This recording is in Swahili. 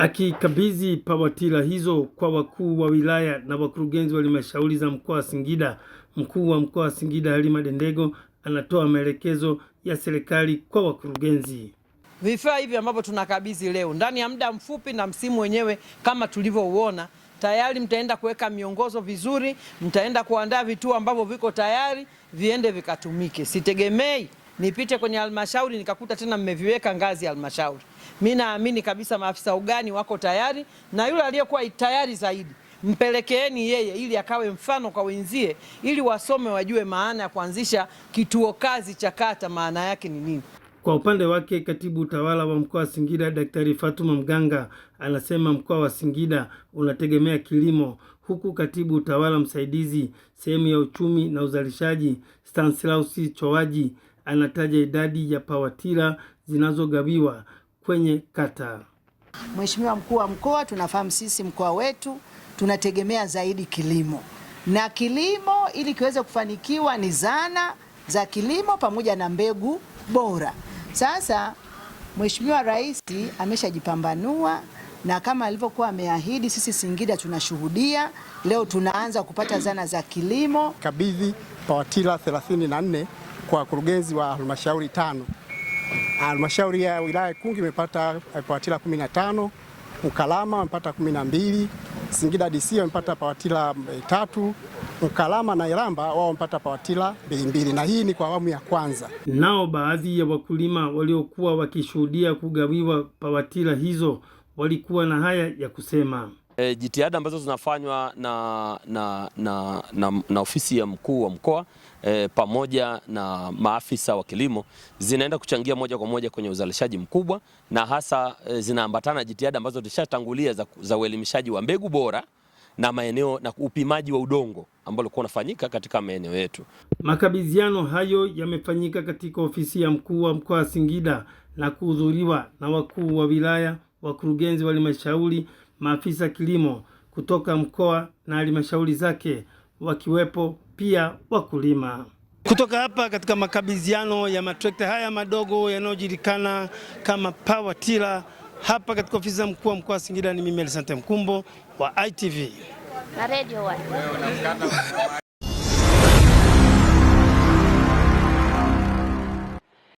akikabidhi pawatila hizo kwa wakuu wa wilaya na wakurugenzi wa halmashauri za mkoa wa Singida, mkuu wa mkoa wa Singida Halima Dendego anatoa maelekezo ya serikali kwa wakurugenzi. Vifaa hivi ambavyo tunakabidhi leo, ndani ya muda mfupi na msimu wenyewe kama tulivyouona tayari mtaenda kuweka miongozo vizuri, mtaenda kuandaa vituo ambavyo viko tayari viende vikatumike. Sitegemei nipite kwenye halmashauri nikakuta tena mmeviweka ngazi ya halmashauri. Mimi naamini kabisa maafisa ugani wako tayari, na yule aliyekuwa tayari zaidi mpelekeeni yeye ili akawe mfano kwa wenzie, ili wasome wajue maana ya kuanzisha kituo kazi cha kata maana yake ni nini. Kwa upande wake katibu utawala wa mkoa wa Singida Daktari Fatuma Mganga anasema mkoa wa Singida unategemea kilimo, huku katibu utawala msaidizi sehemu ya uchumi na uzalishaji Stanislaus Chowaji anataja idadi ya pawatira zinazogawiwa kwenye kata. Mheshimiwa mkuu wa mkoa, tunafahamu sisi mkoa wetu tunategemea zaidi kilimo, na kilimo ili kiweze kufanikiwa ni zana za kilimo pamoja na mbegu bora. Sasa Mheshimiwa Rais ameshajipambanua na kama alivyokuwa ameahidi, sisi Singida tunashuhudia leo tunaanza kupata zana za kilimo. Kabidhi pawatila 34 kwa wakurugenzi wa halmashauri tano. Halmashauri ya wilaya Ikungi imepata eh, pawatila 15, Mkalama wamepata 12, Singida DC wamepata pawatila eh, tatu, Mkalama na Iramba wao wamepata pawatila mbili mbili, na hii ni kwa awamu ya kwanza. Nao baadhi ya wakulima waliokuwa wakishuhudia kugawiwa pawatila hizo walikuwa na haya ya kusema e, jitihada ambazo zinafanywa na, na, na, na, na ofisi ya mkuu wa mkoa e, pamoja na maafisa wa kilimo zinaenda kuchangia moja kwa moja kwenye uzalishaji mkubwa na hasa e, zinaambatana jitihada ambazo tulishatangulia za, za uelimishaji wa mbegu bora na maeneo na upimaji wa udongo ambao ulikuwa unafanyika katika maeneo yetu. Makabidhiano hayo yamefanyika katika ofisi ya mkuu wa mkoa wa Singida na kuhudhuriwa na wakuu wa wilaya, wakurugenzi wa halmashauri maafisa kilimo kutoka mkoa na halmashauri zake wakiwepo pia wakulima kutoka hapa katika makabidhiano ya matrekta haya madogo yanayojulikana kama power tiller hapa katika ofisi za mkuu wa mkoa wa Singida. Ni mimi Elisante Mkumbo wa ITV na Radio One.